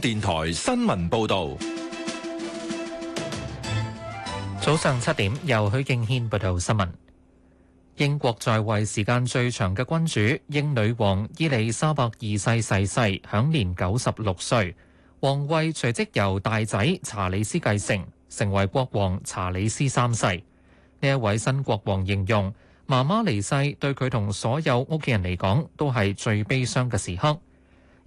電台新聞報道：早上七點，由許敬軒報道新聞。英國在位時間最長嘅君主英女王伊麗莎白二世逝世，享年九十六歲。王位隨即由大仔查理斯繼承，成為國王查理斯三世。呢一位新國王形容，媽媽離世對佢同所有屋企人嚟講，都係最悲傷嘅時刻。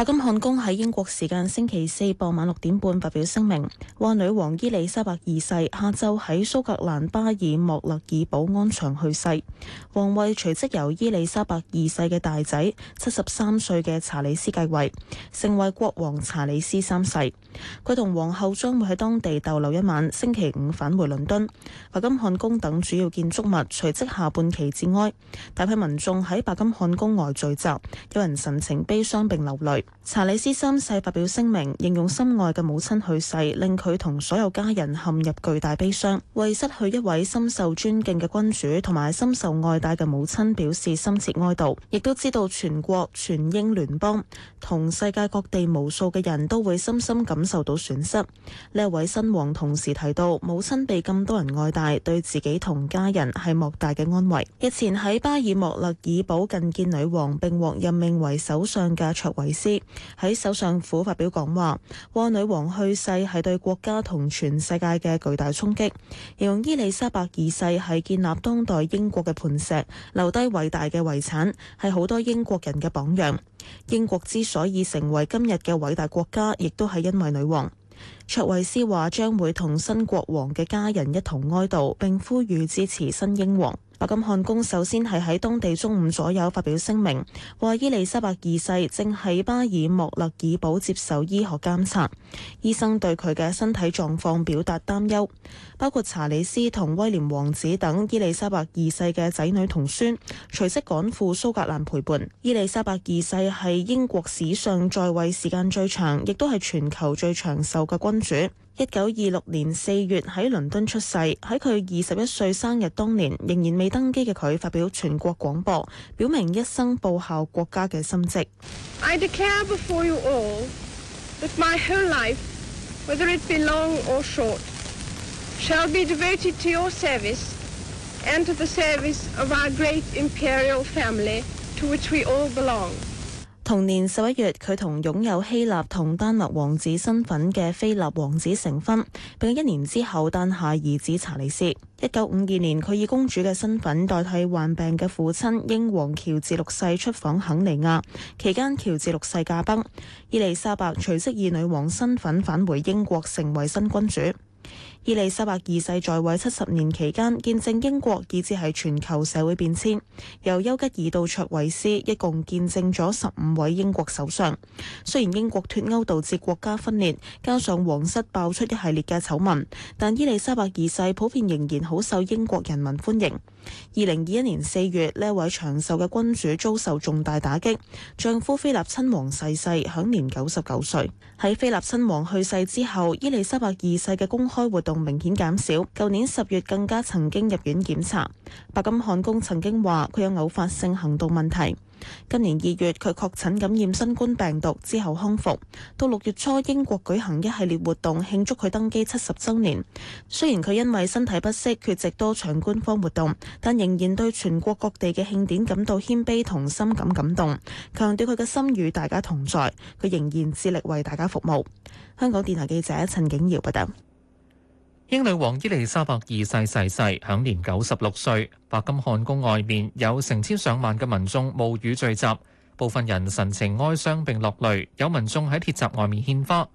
白金漢宮喺英國時間星期四傍晚六點半發表聲明，話女王伊麗莎白二世下晝喺蘇格蘭巴爾莫勒爾堡安詳去世，王位隨即由伊麗莎白二世嘅大仔七十三歲嘅查理斯繼位，成為國王查理斯三世。佢同皇后將會喺當地逗留一晚，星期五返回倫敦。白金漢宮等主要建築物隨即下半旗致哀，大批民眾喺白金漢宮外聚集，有人神情悲傷並流淚。查理斯三世發表聲明，形容心愛嘅母親去世令佢同所有家人陷入巨大悲傷，為失去一位深受尊敬嘅君主同埋深受愛戴嘅母親表示深切哀悼。亦都知道全國、全英聯邦同世界各地無數嘅人都會深深感受到損失。呢一位新王同時提到，母親被咁多人愛戴，對自己同家人係莫大嘅安慰。日前喺巴爾莫勒爾堡覲見女王，並獲任命為首相嘅卓慧思，喺首相府發表講話，話女王去世係對國家同全世界嘅巨大衝擊，形容伊利沙伯二世係建立當代英國嘅磐石，留低偉大嘅遺產，係好多英國人嘅榜樣。英國之所以成為今日嘅偉大國家，亦都係因為女王。卓慧思話將會同新國王嘅家人一同哀悼，並呼籲支持新英王。白金漢宮首先係喺當地中午左右發表聲明，話伊麗莎白二世正喺巴爾莫勒爾堡接受醫學監察。醫生對佢嘅身體狀況表達擔憂，包括查理斯同威廉王子等伊麗莎白二世嘅仔女同孫，隨即趕赴蘇格蘭陪伴。伊麗莎白二世係英國史上在位時間最長，亦都係全球最長壽嘅君主。一九二六年四月喺倫敦出世，喺佢二十一歲生日當年仍然未登基嘅佢，發表全國廣播，表明一生報效國家嘅心迹。I 同年十一月，佢同擁有希臘同丹麥王子身份嘅菲臘王子成婚，並一年之後誕下兒子查理斯。一九五二年，佢以公主嘅身份代替患病嘅父親英皇喬治六世出訪肯尼亞，期間喬治六世駕崩，伊麗莎白隨即以女王身份返回英國，成為新君主。伊莉莎白二世在位七十年期間，見證英國以至係全球社會變遷。由丘吉爾到卓維斯，一共見證咗十五位英國首相。雖然英國脱歐導致國家分裂，加上皇室爆出一系列嘅醜聞，但伊莉莎白二世普遍仍然好受英國人民歡迎。二零二一年四月，呢位長壽嘅君主遭受重大打擊，丈夫菲立親王逝世世，享年九十九歲。喺菲立親王去世之後，伊莉莎白二世嘅公開活動明顯減少。舊年十月更加曾經入院檢查。白金漢宮曾經話佢有偶發性行動問題。今年二月佢確診感染新冠病毒之後康復。到六月初，英國舉行一系列活動慶祝佢登基七十周年。雖然佢因為身體不適缺席多場官方活動，但仍然對全國各地嘅慶典感到謙卑同深感感動，強調佢嘅心與大家同在。佢仍然致力為大家服務。香港電台記者陳景瑤報道。英女王伊麗莎白二世逝世，世，享年九十六歲，白金漢宮外面有成千上萬嘅民眾冒雨聚集，部分人神情哀傷並落淚，有民眾喺鐵閘外面獻花。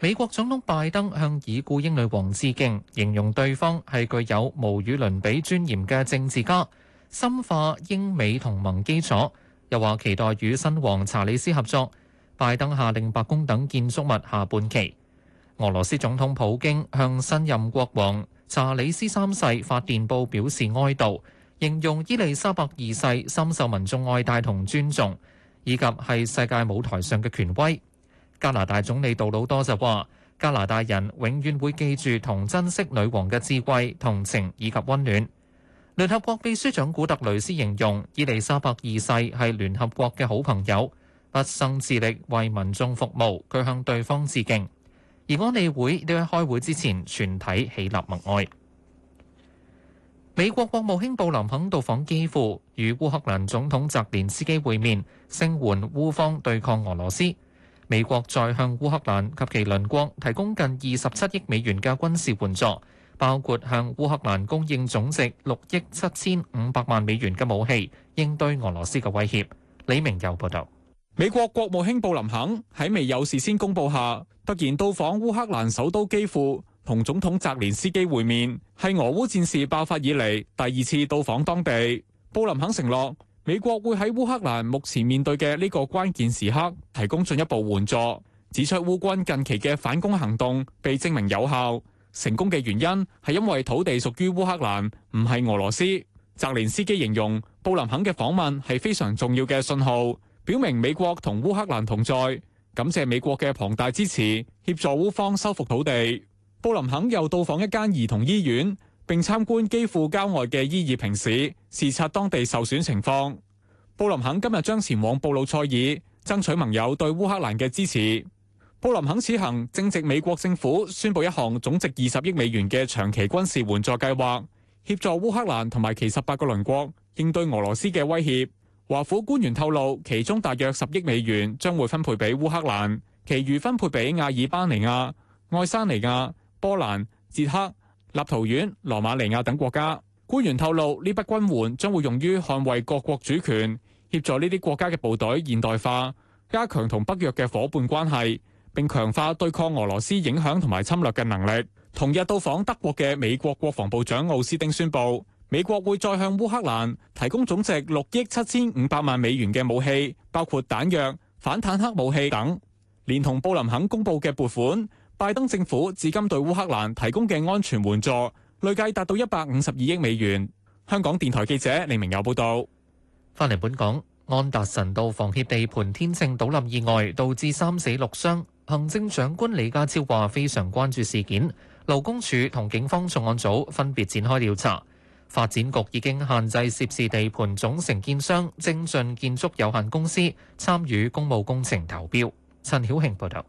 美國總統拜登向已故英女王致敬，形容對方係具有無與倫比尊嚴嘅政治家，深化英美同盟基礎，又話期待與新王查理斯合作。拜登下令白宮等建築物下半旗。俄羅斯總統普京向新任國王查理斯三世發電報，表示哀悼，形容伊麗莎白二世深受民眾愛戴同尊重，以及係世界舞台上嘅權威。加拿大總理杜魯多就話，加拿大人永遠會記住同珍惜女王嘅智慧、同情以及溫暖。聯合國秘書長古特雷斯形容伊麗莎白二世係聯合國嘅好朋友，畢生致力為民眾服務。佢向對方致敬。而安理會都喺、這個、開會之前，全體起立默哀。美國國務卿布林肯到訪基輔，與烏克蘭總統澤連斯基會面，聲援烏方對抗俄羅斯。美國再向烏克蘭及其鄰國提供近二十七億美元嘅軍事援助，包括向烏克蘭供應總值六億七千五百萬美元嘅武器，應對俄羅斯嘅威脅。李明又報道。美國國務卿布林肯喺未有事先公布下，突然到訪烏克蘭首都基輔，同總統澤連斯基會面，係俄烏戰事爆發以嚟，第二次到訪當地。布林肯承諾，美國會喺烏克蘭目前面對嘅呢個關鍵時刻，提供進一步援助，指出烏軍近期嘅反攻行動被證明有效，成功嘅原因係因為土地屬於烏克蘭，唔係俄羅斯。澤連斯基形容布林肯嘅訪問係非常重要嘅信號。表明美國同烏克蘭同在，感謝美國嘅龐大支持，協助烏方收復土地。布林肯又到訪一間兒童醫院，並參觀基輔郊外嘅伊爾平市，視察當地受損情況。布林肯今日將前往布魯塞爾，爭取盟友對烏克蘭嘅支持。布林肯此行正值美國政府宣布一項總值二十億美元嘅長期軍事援助計劃，協助烏克蘭同埋其十八個鄰國應對俄羅斯嘅威脅。華府官員透露，其中大約十億美元將會分配俾烏克蘭，其餘分配俾阿爾巴尼亞、愛沙尼亞、波蘭、捷克、立陶宛、羅馬尼亞等國家。官員透露，呢筆軍援將會用於捍衛各國主權，協助呢啲國家嘅部隊現代化，加強同北約嘅伙伴關係，並強化對抗俄羅斯影響同埋侵略嘅能力。同日到訪德國嘅美國國防部長奧斯丁宣布。美國會再向烏克蘭提供總值六億七千五百萬美元嘅武器，包括彈藥、反坦克武器等，連同布林肯公布嘅撥款。拜登政府至今對烏克蘭提供嘅安全援助累計達到一百五十二億美元。香港電台記者李明有報導。翻嚟本港，安達臣道房協地盤天秤倒塌意外，導致三死六傷。行政長官李家超話非常關注事件，勞工處同警方重案組分別展開調查。發展局已經限制涉事地盤總承建商精進建築有限公司參與公務工程投標。陳曉慶報道。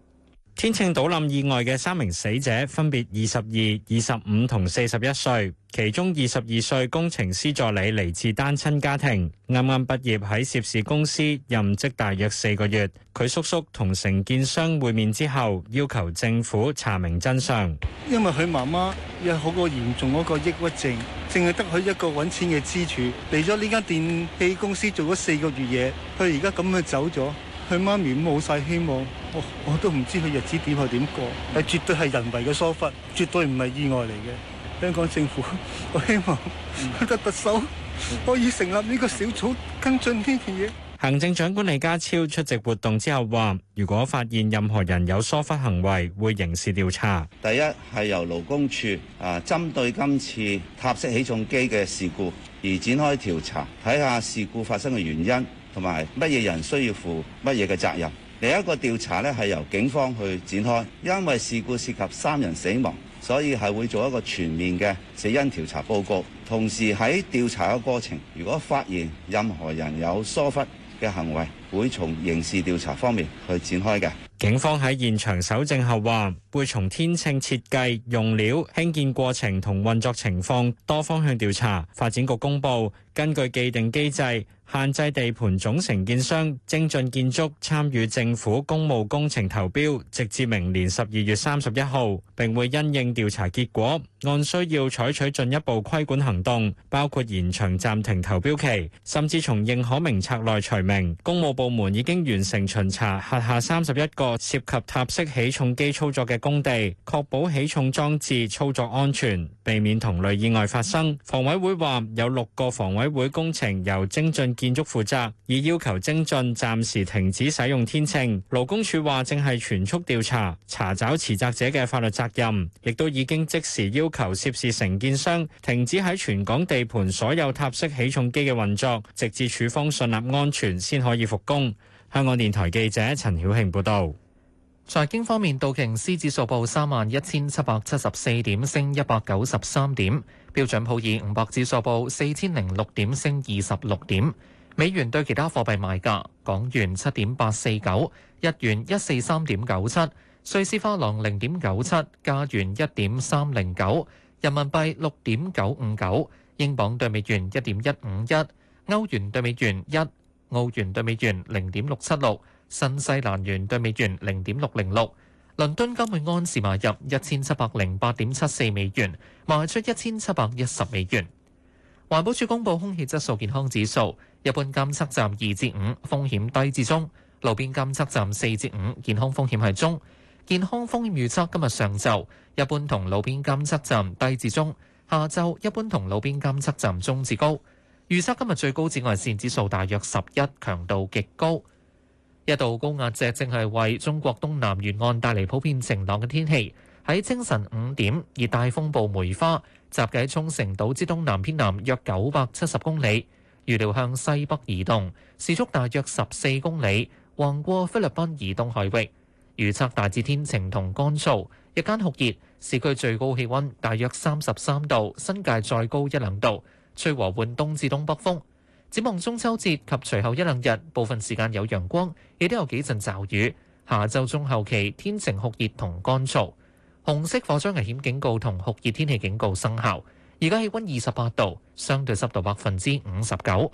天秤倒冧意外嘅三名死者分別二十二、二十五同四十一歲，其中二十二歲工程師助理嚟自單親家庭，啱啱畢業喺涉事公司任職大約四個月。佢叔叔同承建商會面之後，要求政府查明真相。因為佢媽媽有好個嚴重嗰個抑鬱症，淨係得佢一個搵錢嘅支柱。嚟咗呢間電器公司做咗四個月嘢，佢而家咁樣走咗，佢媽咪冇晒希望。我都唔知佢日子點係點過，但係絕對係人為嘅疏忽，絕對唔係意外嚟嘅。香港政府，我希望佢嘅特首可以成立呢個小組跟進呢件嘢。行政長官李家超出席活動之後話，如果發現任何人有疏忽行為，會刑事調查。第一係由勞工處啊，針對今次塔式起重機嘅事故而展開調查，睇下事故發生嘅原因，同埋乜嘢人需要負乜嘢嘅責任。另一個調查咧，係由警方去展開，因為事故涉及三人死亡，所以係會做一個全面嘅死因調查報告。同時喺調查嘅過程，如果發現任何人有疏忽嘅行為，會從刑事調查方面去展開嘅。警方喺現場搜證後話。會從天秤設計、用料、興建過程同運作情況多方向調查。發展局公布，根據既定機制，限制地盤總承建商精進建築參與政府公務工程投標，直至明年十二月三十一號，並會因應調查結果，按需要採取進一步規管行動，包括延長暫停投標期，甚至從認可名冊內除名。公務部門已經完成巡查轄下三十一個涉及塔式起重機操作嘅。工地確保起重裝置操作安全，避免同類意外發生。房委會話有六個房委會工程由精進建築負責，已要求精進暫時停止使用天秤。勞工處話正係全速調查，查找持責者嘅法律責任，亦都已經即時要求涉事承建商停止喺全港地盤所有塔式起重機嘅運作，直至處方信納安全先可以復工。香港電台記者陳曉慶報道。財經方面，道瓊斯指數報三萬一千七百七十四點，升一百九十三點；標準普爾五百指數報四千零六點，升二十六點。美元對其他貨幣賣價：港元七點八四九，日元一四三點九七，瑞士法郎零點九七，加元一點三零九，人民幣六點九五九，英鎊對美元一點一五一，歐元對美元一，澳元對美元零點六七六。新西蘭元兌美元零點六零六，倫敦金每盎司買入一千七百零八點七四美元，賣出一千七百一十美元。環保署公布空氣質素健康指數，一般監測站二至五，風險低至中；路邊監測站四至五，健康風險係中。健康風險預測今日上晝一般同路邊監測站低至中，下晝一般同路邊監測站中至高。預測今日最高紫外線指數大約十一，強度極高。一道高壓脊正係為中國東南沿岸帶嚟普遍晴朗嘅天氣。喺清晨五點，熱帶風暴梅花集結沖繩島之東南偏南約九百七十公里，預料向西北移動，時速大約十四公里，橫過菲律賓移動海域。預測大致天晴同乾燥，日間酷熱，市區最高氣温大約三十三度，新界再高一兩度，吹和緩東至東北風。展望中秋節及隨後一兩日，部分時間有陽光，亦都有幾陣驟雨。下晝中後期天晴酷熱同乾燥，紅色火災危險警告同酷熱天氣警告生效。而家氣温二十八度，相對濕度百分之五十九。